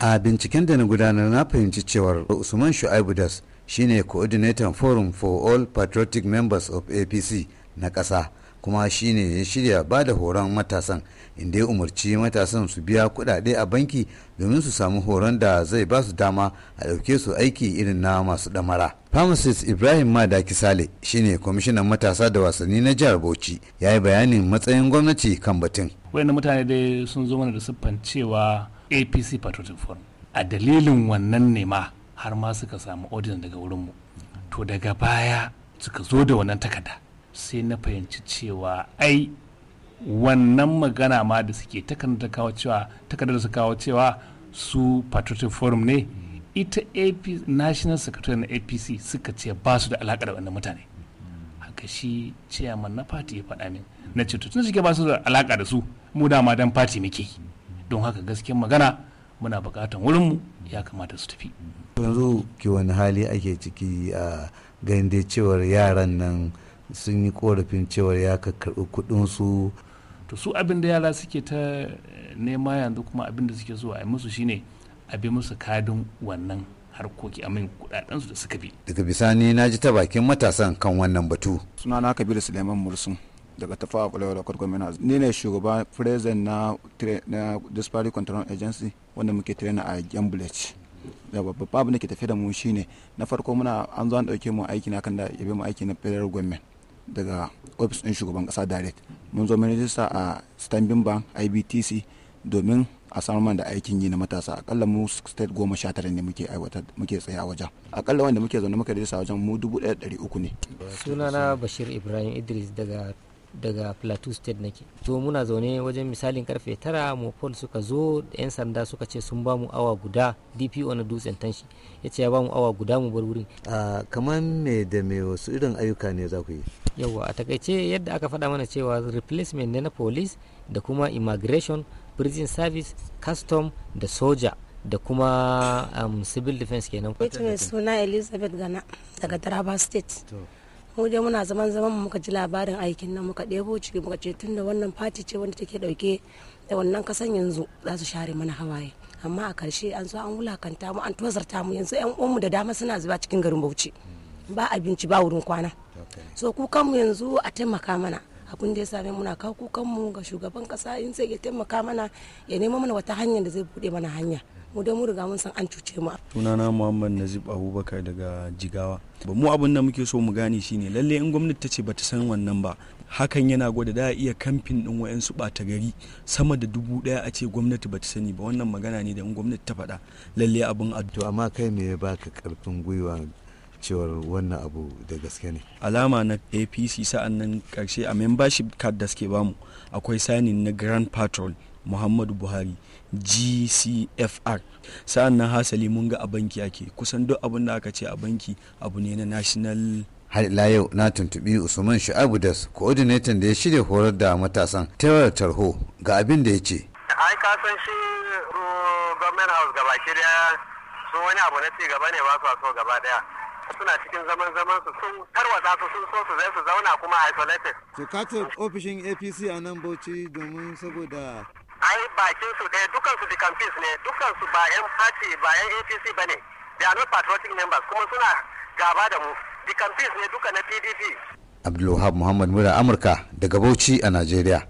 a binciken da na gudanar na fahimci cewar usman shu'aibu das shine coordinator forum for all patriotic members of apc na ƙasa kuma shine ya shirya ba da horon matasan inda ya umarci matasan su biya kudade a banki domin su samu horon da zai ba su dama a ɗauke su aiki irin na masu ɗamara. pharmacist ibrahim madaki sale shine kwamishinan matasa da wasanni na jihar bauchi ya yi bayanin matsayin gwamnati kan batun. wayannan mutane dai sun zo mana da siffan cewa apc patriotic forum a dalilin wannan ne ma har ma suka samu audience daga wurinmu to daga baya suka zo da wannan takada sai na fahimci cewa ai wannan magana ma da suke takardar da su kawo cewa su patriotic forum ne ita national secretary na apc suka ce ba su da alaƙa da wannan mutane haka shi ciyaman na fati ya faɗa min na ce tun suke ba su da alaƙa da su mu dama dan fati muke don haka gaskiyar magana muna bukatan wurinmu ya kamata su tafi yanzu ki wani hali ake ciki a ganin dai cewar yaran nan sun yi korafin cewar ya ka karɓi kuɗinsu to su abin da yara suke ta eh, nema yanzu kuma abin da suke so a yi musu shine a bi musu kadin wannan harkoki a mai su da suka bi daga bisani na ji ta bakin matasan kan wannan batu sunana kabiru suleiman mursun daga tafawa kwalewa local government ni ne shugaba president na, na disparity control agency wanda muke trainer a gambulage da babba abin ke tafi da mu shine na farko muna an zo an dauke mu aiki na kan da yabe mu aiki na federal government daga office din shugaban kasa direct mun zo mun register a standing bank ibtc domin a samar man da aikin yi na matasa akalla mu state goma sha tara ne muke aiwatar muke tsaya a wajen akalla wanda muke zaune muka rijista wajen mu dubu ɗaya ɗari uku ne sunana bashir ibrahim idris daga daga plateau state nake to muna zaune wajen misalin karfe tara mopol suka zo da 'yan sanda suka ce sun bamu awa guda dpo na dutsen tanshi ya ce ya bamu awa guda mu bar wurin kamar me da me wasu irin ayyuka ne za ku yi yawa a takaice yadda aka faɗa mana cewa replacement ne na police da kuma immigration prison service custom da soja da kuma um, civil defense kenan. Wait suna Elizabeth Gana daga Taraba State. mu je muna zaman zaman mu muka ji labarin aikin nan muka ɗebo ciki muka ce tunda wannan fati ce wanda take ɗauke da wannan kasan yanzu za su share mana hawaye amma a karshe an zo an wulakanta mu an tozarta mu yanzu yan uwanmu da dama suna zuba cikin garin bauchi ba abinci ba wurin kwana so kukanmu yanzu a taimaka mana abin da ya same muna kawo kukanmu ga shugaban kasa in sai ya taimaka mana ya nemo mana wata hanyar da zai buɗe mana hanya mu da mu riga mun san an cuce mu sunana muhammad nazib abubakar daga jigawa ba mu abin da muke so mu gane shine lalle in gwamnati ta ce bata san wannan ba hakan yana gwada da iya kamfin din wayansu bata gari sama da dubu daya a ce gwamnati bata sani ba wannan magana ne da in gwamnati ta faɗa lalle abin addu'a amma kai me ya baka karfin gwiwa cewar wannan abu da gaske ne alama na apc sa'an nan karshe a membership card da suke bamu akwai sanin na grand patrol muhammadu buhari gcfr sa'an nan hasali mun ga a banki ake kusan duk abin da aka ce a banki abu ne na national har ila yau na tuntubi usman shu'abu das coordinator da ya shirya horar da matasan tawar tarho ga abin da ya ce ai ka san shi government house gaba shi su wani abu na cigaba ne ba su so gaba daya suna cikin zaman zaman su sun tarwatsa su sun so su zai su zauna kuma isolated to kata ofishin apc a nan bauchi domin saboda ai bakin su ɗaya dukkan su dicampis ne dukkan su ba yan party ba yan apc ba ne they are not patriotic members kuma suna gaba da mu dicampis ne duka na pdp abdulwahab muhammad mura amurka daga bauchi a najeriya